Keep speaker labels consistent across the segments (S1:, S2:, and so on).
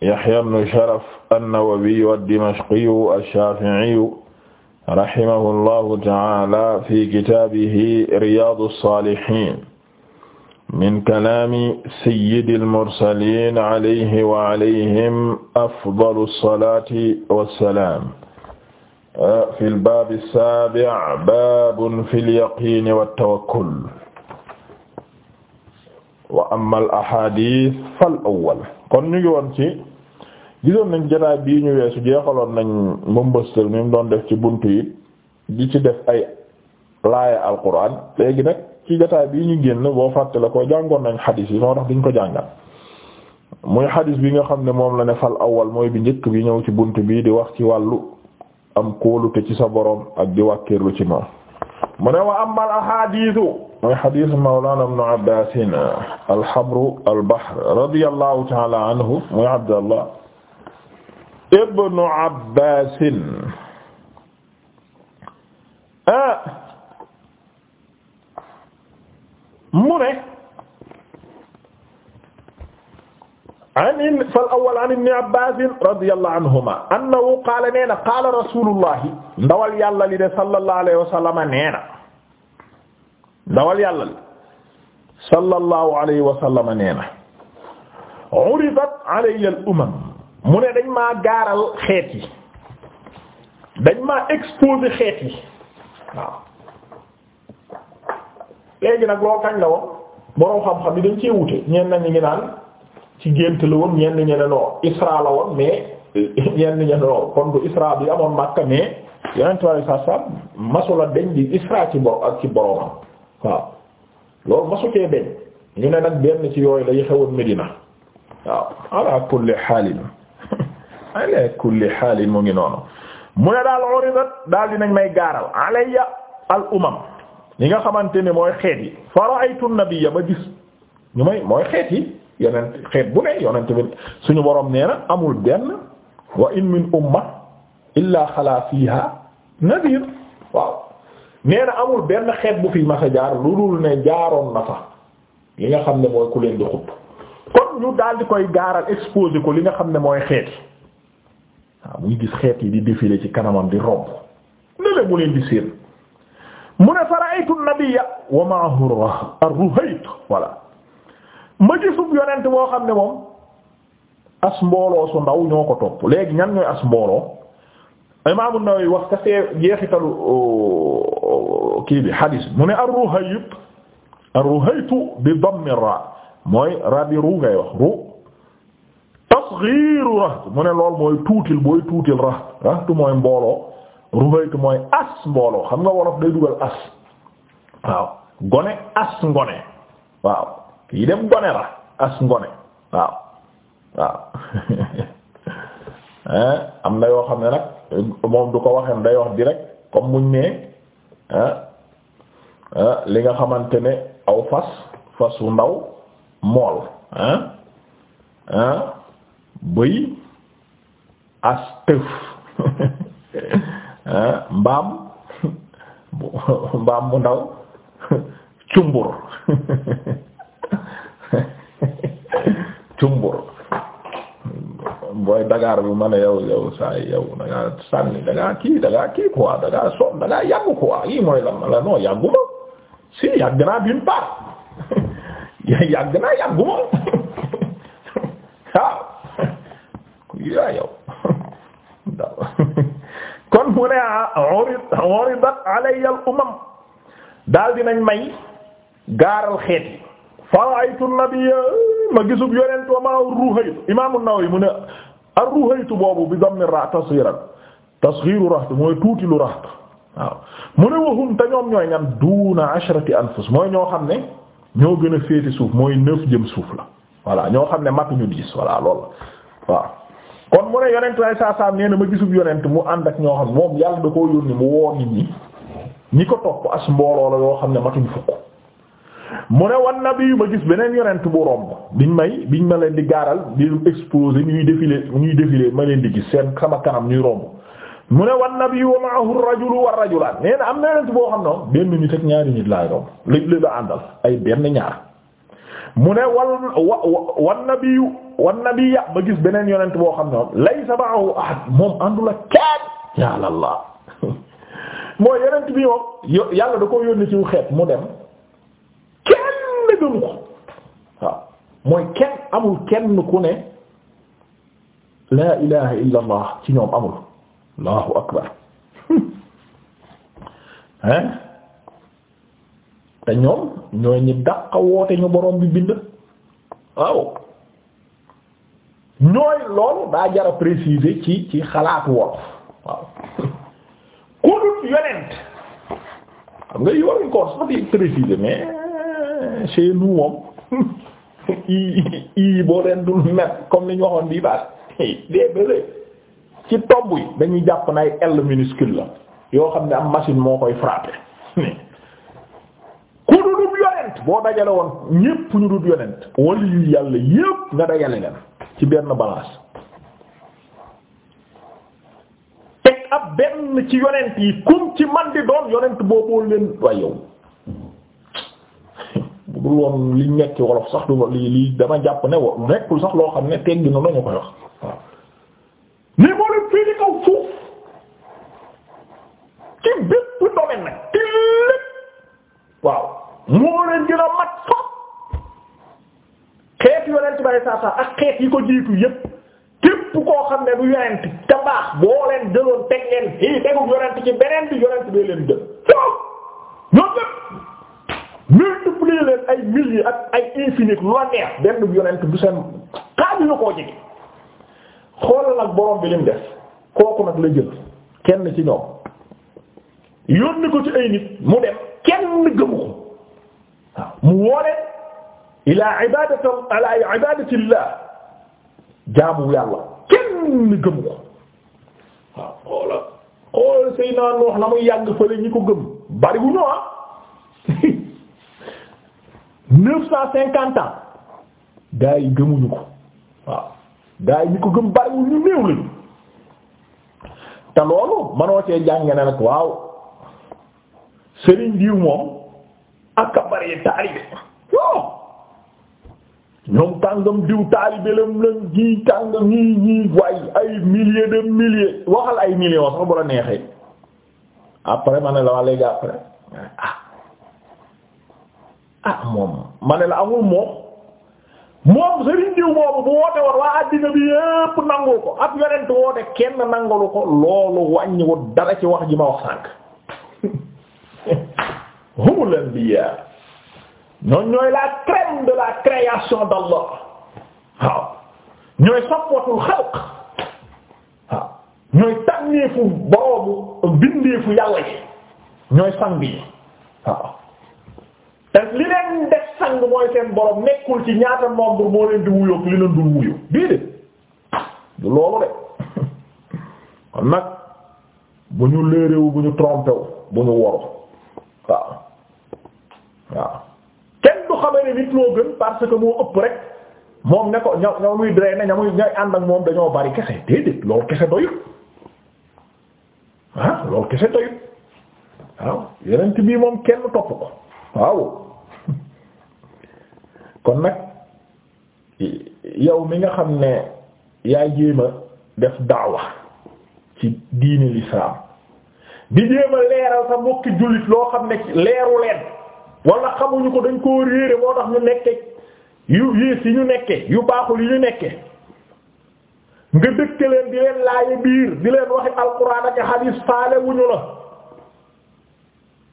S1: Yahya ibn Sharaf an-Nawawiyu ad-Dimashqiyu ash-Shafi'iyu rahimahullahu ta'ala fi kitaabihi Riyaadu s-Saalihiin min kalaami sayyidil mursaliin alayhi wa alayhim afdalu s-salaati wa s-salaam fil baabi s-saabi' baabun fil yaqiini wat-tawakkul wa ammal ahaadiis fal awwal kon ñu ngi woon ci gisoon nañ jotaay bii ñu weesu jeexaloon nañ mbëmbëstal mi mu doon def ci bunt yi di ci def ay laaya alquran léegi nag ci jotaay bii ñu génn boo fàttale ko jàngoon nañ xadiis yi moo tax duñ ko jàngal muy xadiis bi nga xam ne moom la nefal fal awal mooy bi njëkk bi ñëw ci bunt bii di wax ci wàllu am kóolute ci sa boroom ak di wàkkeerlu ci moom mu ne wa amal ahadiisu muy xadiis mawlana ibnu abbasin alxabru albahr radiyallahu taala anhu muy abdallah ibnu abbasin
S2: ah. mu ne an fal awal an ibni abbasin radiyallahu anhuma annahu qaala nee na qaala rasulullahi ndawal yàlla li de sallallahu alayhi wa sallama nee na ndawal yàlla li sallallahu alayhi wa sallama nee na uridat alayya al umam mu ne dañ maa gaaral xeet yi dañ maa exposer xeet yi waaw léegi nag loo kañ la woon boroom xam-xam yi dañ cee wute ñeen nañu ngi naan ci gént la woon ñeen ñe ne Isra la woon mais ñeen ñe noo kon bi amoon Makka mais yeneen tubaab yi masula deñ di Isra ci bor ak ci boroomam waaw loolu masu deñ ñu ne nag benn ci yooyu lay xewoon Medina waaw ala kulli xaalin
S1: ala kulli xaalin mu ngi noonu
S2: mu ne daal uridat daal dinañ may gaaral alayya al umam li nga xamante ne mooy xeet yi fa ra'aytu nabiyya ma gis ñu may mooy xeet yi yonent xeet bu ne yonent bi suñu borom nee na amul benn wa in min umma illa xalaa fiiha nadir waaw nee na amul benn xeet bu fi mas a jaar lu dul ne jaaroon na fa li nga xam ne mooy ku leen di xub kon ñu daal di koy gaaral exposé ko li nga xam ne mooy xeet yi waaw muy gis xeet yi di défilé ci kanamam di romb nele mu leen di séen mu ne fara'aytu nabiyya wa ma'ahu ar-ruhayt voilà ma gisub yonent boo xam ne moom as mbooloo su ndaw ñoo ko topp léegi ñan ñooy as mbooloo Imaam an wax ka see jeexitalu uh, kii bi hadis mu ne ar-ruhayt bi dammi ra mooy ra bi ngay wax ru tasghiru rahtu mu ne lool mooy tuutil booy tuutil rahtu rahtu mooy mbooloo ruhaytu mooy as mbooloo xam nga wolof day dugal as waaw gone as ngone waaw kii dem gone ra as ngone waaw waaw am na yoo xam ne nag moom du ko waxee day wax direct comme muñ ne li nga xamante ne aw fas fas wu ndaw mool ah bëy as tëf ah, mbaam mbaam bu ndaw cumbur
S1: cumbur booy bi ma ne yow saa yow da ngaa sànni da ngaa kii da ngaa so da
S2: ngaa yàgg quoi yii mooy la la non yàgguma si yàgg naa d'une part yàgg naa yàgguma waaw ah. yaa yow waaw kon mu ne ah uridat alayya al umam daal dinañ may gaaral xeet yi fa ra'aytu nabiyya ma gisub yonent wa ma ruhaytu imaamu Nawawi mu ne ar boobu bi dammi ra tasghiran tasghiru raht mooy tuuti lu raht waaw mu ne waxum te ñoom ñooy ñan duuna anfus mooy ñoo xam ne ñoo gën a féete suuf mooy neuf jëm suuf la voilà ñoo xam ne matuñu diis voilà lool waaw. kon mu ne yonent waaye saa saa nee na ma gisub yonent mu ànd ak ñoo xam moom yàlla da koo yónni mu woo nit ñi ñi ko topp as mbooroo la yoo xam ne matuñ fukk mu ne wan nabi yu ma gis beneen yonent bu romb biñ may biñ ma leen di gaaral di exposé ñuy défilé ñuy défilé ma leen di gis seen sama kanam ñuy romb mu ne wan nabi wa ma'ahu ar-rajulu wa rajulan nee am na yonent boo xam ne moom benn nit ak ñaari nit laay romb léeg-léeg la àndal ay benn ñaar ne wa wan nabiyya ma gis beneen yonent boo xam ne moom laysa ma'ahu ahad moom àndula kenn
S1: yàlla la
S2: mooy yonent bi moom yàlla da koo yónni ci xeet mu dem kenn gënu ko waaw mooy kenn amul kenn ku ne laa ilaha illa ci ñoom amul allahu akbar hein te ñoom ñooy ñi dàq woote ñu borom bi bind waaw ñooy loolu daa jara préciser ci ci xalaatu wolof waaw ku dul yonent nga yoruñ ko sax di préciser mais
S1: euh,
S2: chez nous moom i i boo leen met comme ni ñu waxoon bii baat dee bële ci tomb yi dañuy jàpp na ay L minuscule la yoo xam ne am machine moo koy frappé ku dul yonent boo dajale woon ñépp ñu dul yonent wali yu yàlla yépp nga dajale leen ci benn balance teg ab benn ci yonent yi kum ci man di doon yonent booboo leen waaye yow bu dul woon li ci wolof sax li li dama jàpp ne wa nekkul sax loo xam ne teggi na lañu koy wax waaw mais moo fii di kaw fuuf ci bépp domaine nag ci waaw moo leen gën a mat sax xeet yonent bare saa saa ak xeet yi ko jiitu yépp képp koo xam ne du yonent te baax boo leen jëloon teg leen fii tegul yonent ci beneen bi yonent bee leen jël foofu ay milliers ay infini lu benn yonent du seen xaaju ñu koo jege xoolal ak kooku nag la jël ci ñoom ko ci ay mu dem kenn mu ila ibadati ala ibadatillah jaamu yàlla kenn gëm ko
S1: waaw ah, xoola
S2: xool sëy naa noox na muy yàgg fële ñi ko gëm bari wu ñoo ah neuf cent cinquante ans gaa yi gëmuñu ko waaw ah, gaa yi ñi ko gëm bari néew lañu te loolu manoo cee jànge ne nag waaw sëriñ diw moom ak bari taalibe ñoom tàngam diw taalibelam lañ ñii kàngam ñii ñii waaye ay milliers de milliers waxal ay millions sax bu la neexee après ma la waa ah, ah, moom ma la amul moom moom sëriñ diw moomu bu woote war waa àddina bi yépp nangu ko ab yonent woote kenn nangalu ko loolu wàññiwut dara ci wax ji ma wax sànk humul anbiya ñoom ñooy la crème de la création d'Allah waaw ñooy safwatul xalq waaw ñooy tànneefu borobu bindeefu yàlla yi ñooy sang waaw te li leen def sang mooy seen borom nekkul ci ñaata nombre moo leen di wuyoog li leen dul wuyu déedéet du loolu de nag bu ñu léeréwu bu ñu trompé bu ñu woru waaw waaw xamee ne nit moo gën parce que moo ëpp rek moom ne ko ña ña muy drainer ña muy ñay ànd ak moom dañoo bari kese déedéet loolu kese doyut ah loolu kese doyut waaw yeneen bii moom kenn topp ko waaw kon nag yow mi nga xam ne yaay jéema def daawa ci diini lislaam di jéema leeral sa mbokki jullit loo xam ne leeru leen wala xamuñu ko dañ koo réere moo tax ñu nekke yu yées yi ñu nekke yu baaxul yi ñu nekke nga dëkk leen di leen laaye biir di leen waxi alquran ak hadis faale wuñu la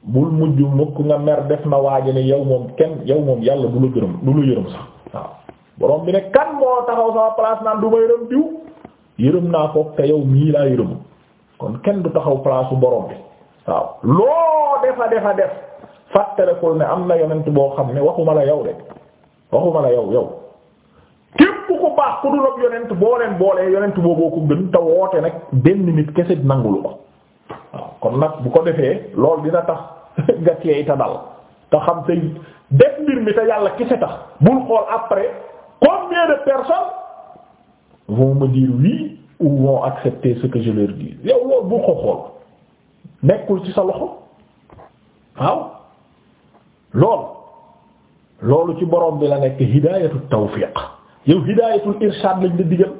S2: bul mujj mukk nga mer def na waaje ne yow moom kenn yow moom yàlla du la gërëm du sax waaw borom naan du yërëm diw yërëm naa ko te yow mii laa yërëm kon kenn du taxaw place su borom bi waaw loo defa defa def fàttalikul ne am na yonent boo xam ne waxuma la yow de waxuma la yow yow képp ku baax ku dul ak yonent boo leen boolee yonent booboo ko gën te woote nag benn nit kese nangul ko waaw kon nag bu ko defee lool dina tax nga teey te dal te xam te def mbir mi te yàlla kese tax bul xool après combien de personnes vont me dire oui ou vont accepter ce que je leur yow loolu bu ko xool nekkul ci sa loxo waaw loolu loolu ci boroom bi la nekk hidaayatu tawfiq yow hidaayatul irshad lañ la digal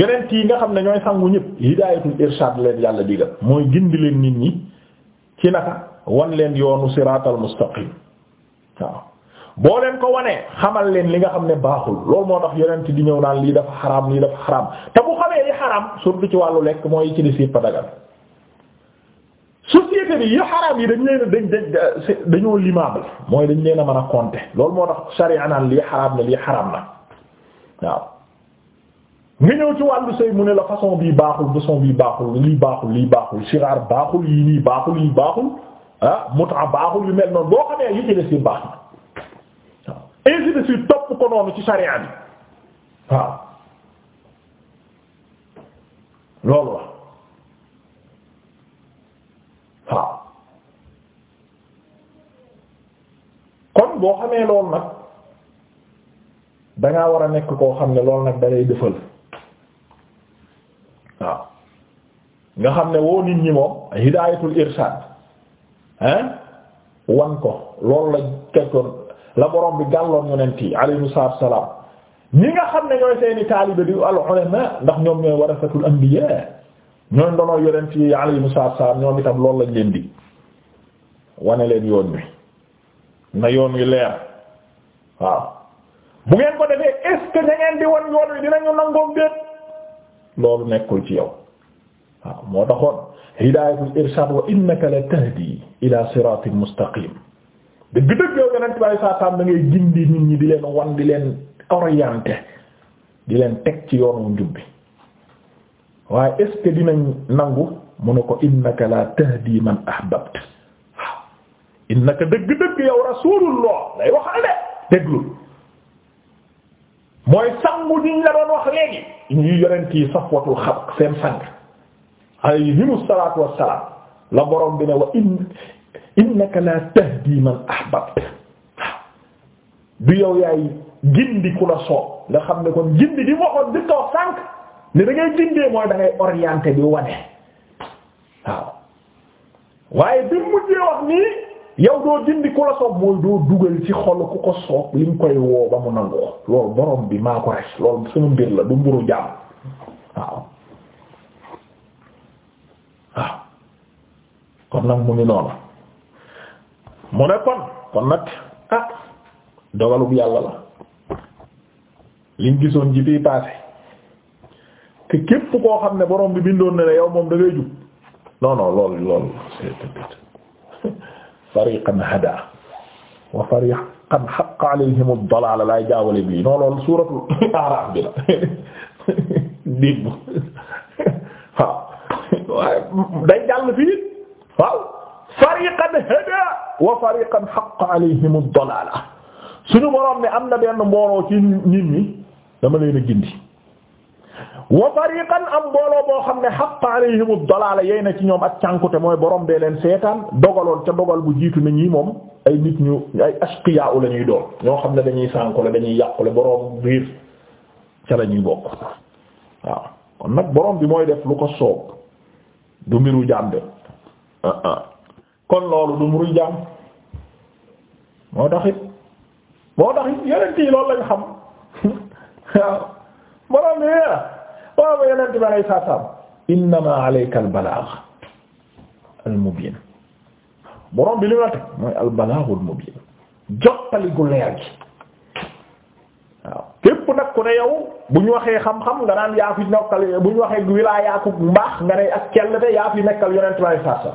S2: yonent yi nga xam ne ñooy sangu ñëpp hidaayatul irshad leen yàlla digal mooy gindi leen nit ñi ci naka wan leen yoonu siraatal mustaqim waaw boo leen ko wanee xamal leen li nga xam ne baaxul loolu moo tax yonent di ñëw naan lii dafa xaraam lii dafa xaraam te bu xamee li xaraam surtout ci wàllu lekk mooy ci li siir padagal gis yi xaraam yi dañ leen dañ dañ dañoo limable mooy dañ leen a mën a compter loolu moo tax sharia naan lii xaraam na lii xaraam na waaw nga ñëw ci wàll sëy mu ne la façon bii baaxul façon bii baaxul lii baaxul lii baaxul siraar baaxul yi nii baaxul yi baaxul ah mutaa baaxul yu mel noonu boo xamee yi ci des yi baax na waaw ainsi de suite topp ko noonu ci sharia bi
S1: waaw loolu la waaw
S2: kon boo xamee lool nag dangaa war a nekk koo xam ne loolu nag dalay dëfal waaw nga xam ne woo nit ñi moom hidaayatul irsaad hein wan ko loolu la kekkoon la borom bi gàlloon yonent yi alayhimu salaam ñi nga xam ne ñooy seeni taalibe di al ulama ndax ñoom ñooy warasatul anbiya ñooy ndono yonent yi alayhimu salaam ñoom itam loolu lañ leen di
S1: wane leen yoon wi na yoon wi leer waaw
S2: bu ngeen ko defee est-ce ngeen di wan yoon wi dinañu nangoom déet loolu nekkul ci yow waaw moo taxoon hidaayatul irshaad wa innaka la tahdi ila siraatin mustaqim dëgg-dëgg yow yonent bi saa salaam da ngay nit ñi di leen wan di leen orienter di leen teg ci yoonu njub bi waaye est dinañ nangu mu ne ko innaka la tahdi man ahbabt waaw innaka dëgg-dëgg yow rasulullah lay wax ale déglul mooy sangu diñ la doon wax léegi ñu yonent yi safwatul xalq seen sang alayhimu salaatu wassalaam la borom bi ne wa in innaka la tahdi man ahbabt waaw du yow yaay gindi ku la soob nga xam ne kon gindi di waxoon di ko sànq ne da ngay gindee mooy da ngay bi wane waaw waaye bi mujjee wax nii yow doo dindi ku la soob mooy doo dugal ci xol ku ko soob li koy woo ba mu nangoo loolu borom bi maa ko res loolu suñu mbir la du mburu jàmm waaw waaw kon nag mu ngi noonu mu ne kon kon nag ah dogalub yàlla la liñ gisoon ji bii te képp koo xam ne borom bi bindoon na ne yow moom da ngay jub non fariqan hada wa fariqan haqqa alayhim ad-dalala laay jaawale bii non lool suuratul la dégg waaw waaye day jàll fii fariqan hada wa fariqan haqqa alayhim ad-dalala suñu borom ne am na benn mbooloo ci nit ñi dama leen wa fariqan am mbooloo boo xam ne xaqa alayhimu dalaala yey na ci ñoom ak cànkute mooy borom bee leen seetaan dogaloon ca dogal bu jiitu ne ñii moom ay nit ñu ay ashqiyaa la ñuy ñoo xam ne dañuy sànkule dañuy yàqule borom biir ca la ñuy bokk waaw kon nag borom bi mooy def lu ko soob du mbiru jaam de kon loolu du mbiru jaam moo taxit moo taxit yeneen yi loolu lañ xam waaw borom bi waaw yonent bi alayhi salaam innama alayka al balaag al mubiin borom bi li ma teg mooy al balaagul jottali gu leer gi waaw képp nag ku ne yow bu ñu waxee xam-xam nga naan yaa fi nekkal bu ñu waxee wilaayaaku mbaax nga ne ak kell te yaa fi nekkal yonent bi alayhi waaw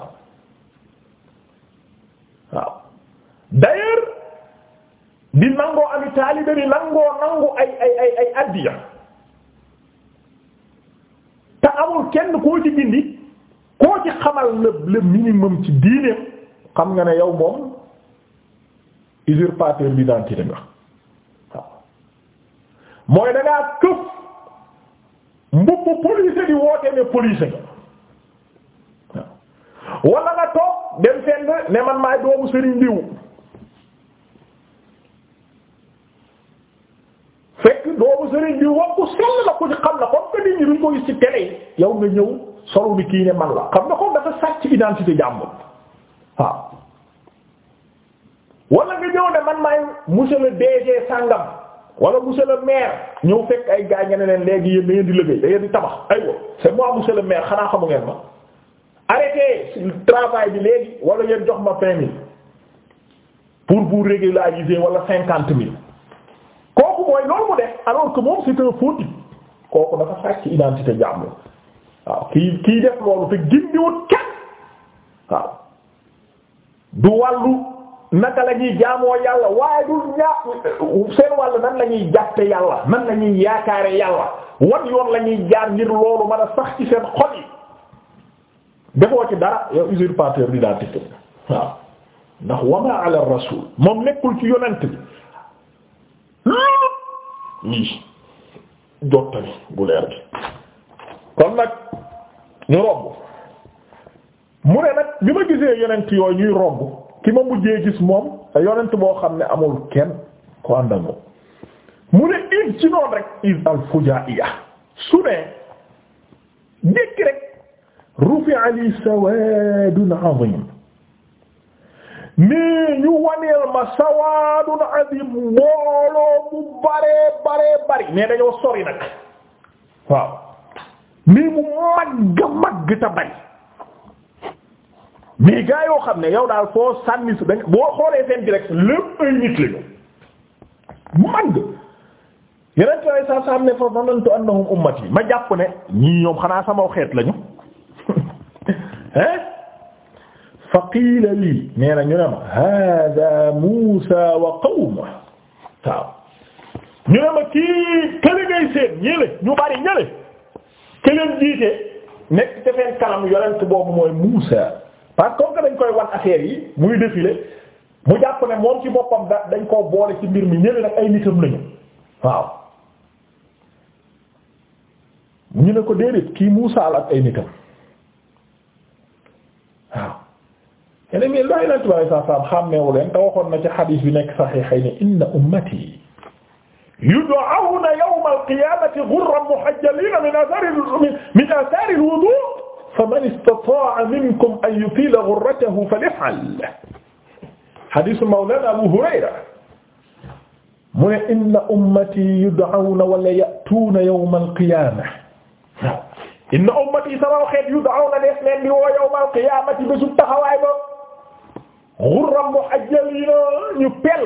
S2: d'ailleurs di nangoo ami taalibe nangoo nangu ay ay ay ay te amul kenn koo ci dindi koo ci xamal le le minimum ci diineem xam nga ne yow moom usurpateur d'identité nga waaw mooy da ngaa këf mbubbu police di woote ne police nga nga toog dem fenn ne man maay doomu Serigne diw boobu sëriñ bi ku sell la ko ci télé yi yow nga ñëw solo bi kii man la xam nga kon dafa sàcc identité jàmbur waaw wala nga man maay monsieur le DG sàngam wala monsieur le maire ñëw fekk ay gaa ñene leen léegi yéen da ngeen di liggéey da ngeen di tabax aywa c'est moi monsieur le maire xanaa xamu ngeen ma arrêtez travail bi léegi wala yéen jox ma vingt mille pour vous régulariser wala cinquante mille mooy loolu mu def alors que moom kooku dafa sàcc identité jàmbur waaw kii kii def loolu te gindiwut kenn waaw du wàllu naka la ñuy jaamoo yàlla waaye du ñaa seen wàll nan la ñuy jàppe yàlla nan la ñuy yaakaare yàlla wan yoon la ñuy jaar ngir loolu mën a sax ci seen xol yi defoo ci dara yow usurpateur d'identité waaw ndax wama ala rasul moom nekkul ci yonent bi lii jottali gu leer gi kon nag ñu robb mu ne nag bi ma gisee yonent yooyu ñuy romb ki ma mujjee gis moom te yonent boo xam ne amul kenn ko àndandoo mu ne id ci noonu rek id al fujaiya su ne jékki rek rufi'a li sawadun azim mais ñu waneel ma sawaadun azim mbooloo bu baree baree bari mais dañoo sori nag waaw mais mu magg magg ta bari mais gaa yoo xam ne yow daal foo sànni si dañ boo xoolee seen direct lépp ay nit lañu magg yeneen tawee saa saa am ne fa zanantu annahum ummati ma jàpp ne ñii ñoom xanaa sama xeet lañu hein fa qiila lii nee na ñu ne ma hada Muusa wa qawmuhu waaw ñu ne ma kii kële ngay seen ñële bari ñële këleen jiite nekk te seen kanam yonent boobu mooy Muusa parce que dañ koy wan affaire yi muy défilé mu jàpp ne moom ci boppam da dañ koo boole ci mbir mi ñële nag ay nitam lañu waaw ñu ne ko déedéet kii Muusa la ak ay nitam yeneen yi looy la tubaab saa saam xàmmeewu leen te waxoon na ci xadiis bi nekk saxiixayni inna ummati yud'awna yawma al-qiyaamati ghurran muhajjaliina min athari min athari al-wuduu faman istataa'a minkum an yutiila ghurratahu falyaf'al xadiisu mawlaana Abu Hurayra mu ne inna ummati yud'awna wala ya'tuuna yawma al-qiyaamah inna ummati sama xeet yud'awna des leen di woo yawma al-qiyaamati bésu taxawaay ba ghurran muhajjalina ñu pell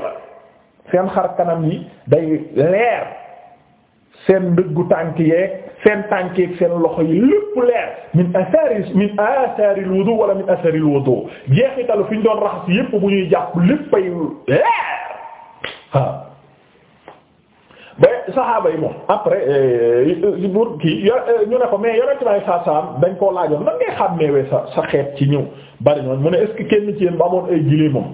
S2: seen xar kanam yi day leer seen ndëggu tànk yeeg seen tànk yeeg seen loxo yi lépp leer min athari min athari alwudu wala min athari alwudu jeexitalu fi ñu doon raxas yépp bu ñuy jàpp léppay leer waaw saxaaba yi moom après pour euh, kii euh, ñu ne ko mais yonent may saa saam dañ koo laajoon nan ngay xàmmeewee sa sa xeet ci ñëw bari ñoon mu ne est kenn ci yéen ba amoon ay giléem moom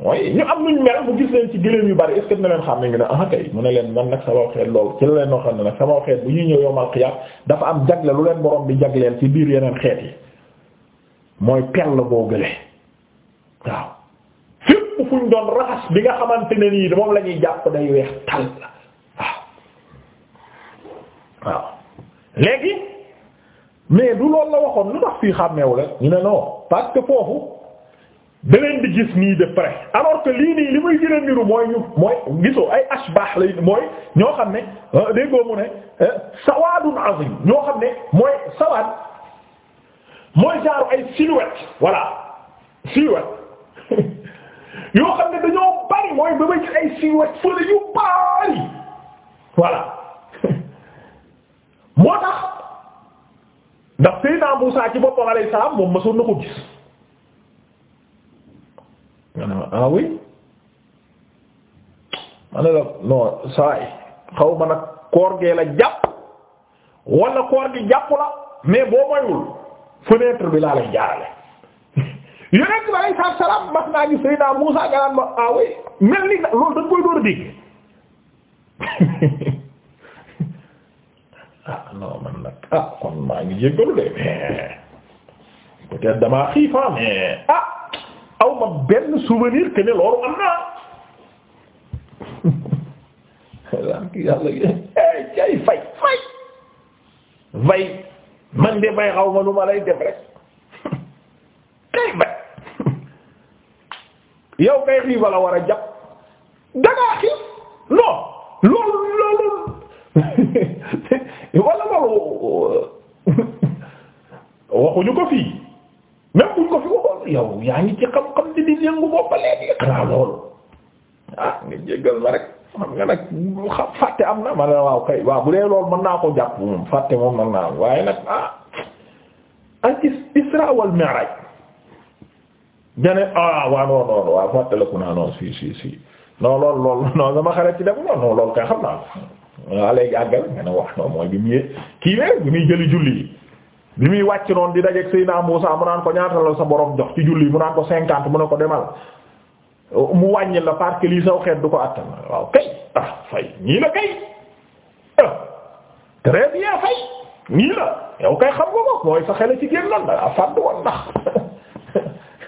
S2: mooy ñu am nuñ mel mu gis leen ci giléem yu bari est-ce leen xam ne xàmmee ne ah kay mu ne leen man nag sama xeet loolu ci la leen noo xam ne nag sama xeet bu ñuy ñëw yowmal xiyaam dafa am jagle lu leen borom bi jagleel ci biir yeneen xeet yi mooy pell boo gële waaw kuñ doon raxas bi nga xamante ne nii moom la ñuy jàpp day weex tal la waaw waaw léegi mais du loolu la waxoon lu tax fii xàmmeewu la ñu ne non parce que foofu da leen di gis nii de près alors que lii nii li may gën mooy ñu ay ashbah lay mooy ñoo xam ne ah, déggoo mu ne eh, sawaadun azim ñoo xam ne mooy sawaad mooy jaaru ay silhouette voilà silhouette yoo xam ne dañoo bari mooy ba ci ay siiwat fële yu bari voilà moo tax ndax Seydina Muusaa ci boppam alayhi salaam moom mësoon na ko gis
S1: nga ne ma ah oui
S2: ma xaw ma nag koor gee la jàpp wala koor gi jàpp la mais boo mayul fenêtre bi laa lay jaarale. yonent bi alayhi salaatu salaam mas naa
S1: ah ah, nag ah, kon maa ngi jéggalu de mais peut-être damaa
S2: xiifa mais ah aw ma benn souvenir que ne loolu am naa laan ki eh, yàlla cay fay fay fay man de bay xaw ma lu ma lay def rek yow kay xiifa la war a jàpp dangaa xiif non loolu loolu wala loolu waxuñu ko fii même ko fi waxoon yow yaa ngi ci xam-xam di di yëngu boppa léegi xanaa loolu ah
S1: nga jéggal ma rek
S2: xam nga nag fàtte am na ma ne waaw kay waaw bu dee loolu mën naa ko jàpp
S1: moom fàtte moom mën naa waaye nag ah ak is isra ña ne ah waaw non non waaw fàttaliku naa non si si si
S2: non lool lool non sama xarit ci defu non non loolu kay xam naa ko ah, léegi àggal nga ne wax non mooy bi mu yee kii wee bi muy jëli julli yi bi muy wàcc noonu di dajeeg Seydina Muusaa mu naan ko ñaata la sa borom jox ci julli mu naan ko cinquante mu ne ko demal mu wàññi la parce que saw xeet du ko attan waaw kay ah fay ñii la kay ah très fay ñii la yow kay xam nga ko mooy sa xel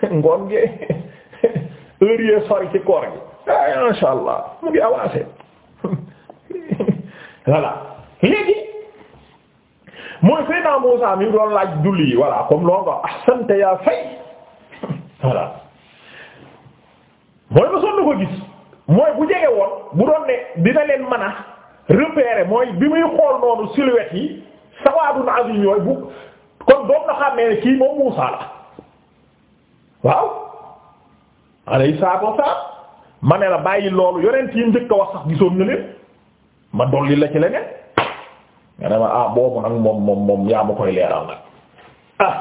S2: ngoon gi heure yee sori ci koor gi ah eh, insha allah mu ngi avancé voilà léegi mooy Seydina Muusaa mi doon laaj julli yi voilà comme loo nga ahsanta yaa fay voilà mooy ba sonn ko gis mooy bu jege woon bu doon ne dina leen mën a mooy bi muy xool noonu silhouette yi sawaadun azim yooyu bu kon doom na xam kii moom Muusaa la waaw alay saatu wasalaam ma ne la bàyyi loolu yonent yi njëkk a wax sax gisoon na leen ma dolli la ci leneen nga ne ma ah boobu nag moom moom moom yaa ma koy leeral nag ah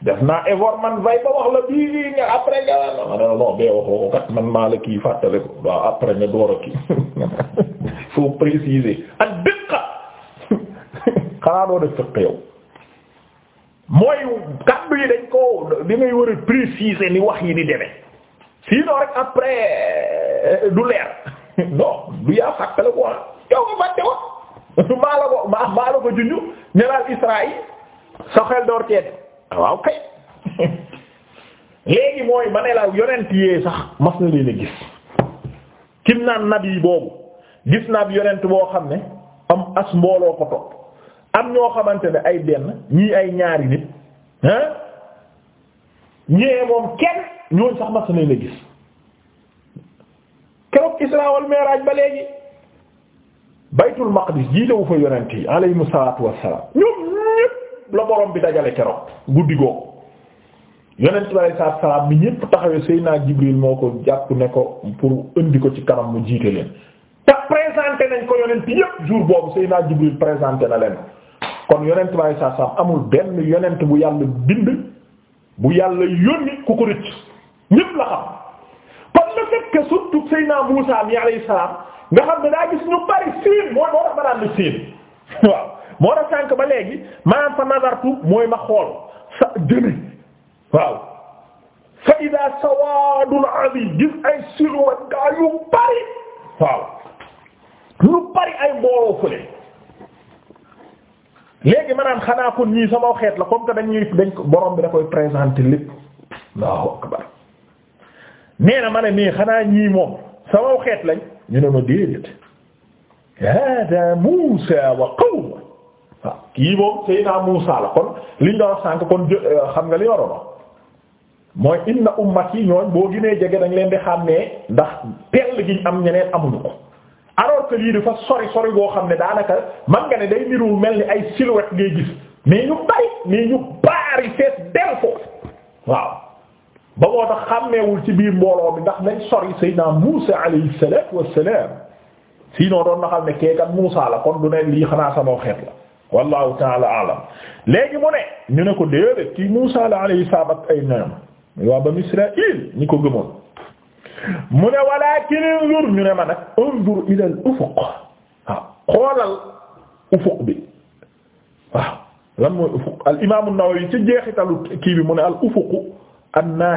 S2: def naa effort man bay ba wax la bii nga après nga ma ne la non bee waxoo ko kat man maa kii fàttale waaw après nga door a kii faut préciser ak dëkka xanaa doo def fekk yow mooy kaddu yi dañ koo di ngay war a préciser ni wax yi di demee sinon rek après euh, du leer non du yaa fàttale ko ah yow nga fàtte woon maa la ko maa maa la ko junj ñelaal Israël sa xel door ceeb ah, waaw kay léegi mooy ma ne la yonent yee sax mas na leen a gis kim naan nabi boobu gis naa bi yonent boo xam ne am as mbooloo ko topp am ñoo xamante ne ay benn ñii ay ñaari nit ah ñee moom kenn ñooñ sax ma sa nañ la gis keroog Isra wal Mi'raj ba léegi baytul maqdis jiitewu fa yonent yi alayhimu salaatu wassalaam ñoom ñépp la borom bi dajale keroog guddi googu yonent bi alayhi salaatu wassalaam bi ñépp taxawee Seydina Jibril moo ko jàpp ne ko pour indi ko ci kanam mu jiite leen te présenté nañ ko yonent yépp jour boobu Seydina Jibril présenté na leen kon yonent bi saa saam amul benn yonent bu yàlla bind bu yàlla yónni ku ko rëcc ñépp la xam par le fait que surtout Seydina mi alayhi salaam nga xam ne daa gis ñu bari siin mooy moo tax ma daan siin waaw moo tax sànk ba léegi maanaam fa nazartu mooy ma xool sa jëli waaw fa idaa sawaadul azim gis ay silhouette gaa yu bari waaw yu bari ay mbooloo fële léegi ma xanaa ko ñii sama xeet la comme que dañuy dañ ko borom bi na koy présenter lépp Allahu akbar nee na ma ne mii xanaa ñii moom sama xeet lañ ñu ne ma déedéet hada Muusa kii moom Seydina Muusa la kon liñ doon sànk kon euh, xam nga li waroon mooy inna yi ñooñ boo ginee jege dañ leen di xàmmee ne ndax pell giñ am ñeneen amuñu ko que lii dafa sori sori boo xam ne daanaka man nga ne day niru mel ni ay silhouette ngay gis mais ñu bari mais ñu baari fees del waaw ba moo tax xàmmeewul ci biir mbooloo bi ndax nañ sori Seydina Muusa alayhi salaatu wassalaam sinon doon na xam ne keekat Muusa la kon du ne lii xanaa sama xeet la léegi mu ne ñu ne ko déedéet waa Bani Israaïl ñi ko gëmoon mu ne walakin unzur ñu ne ma nag unzur ila al ufuq waaw xoolal ufuq bi waaw lan mooy ufuq al imaamu Nawawi ci jeexitalu kii bi mu ne al ufuq an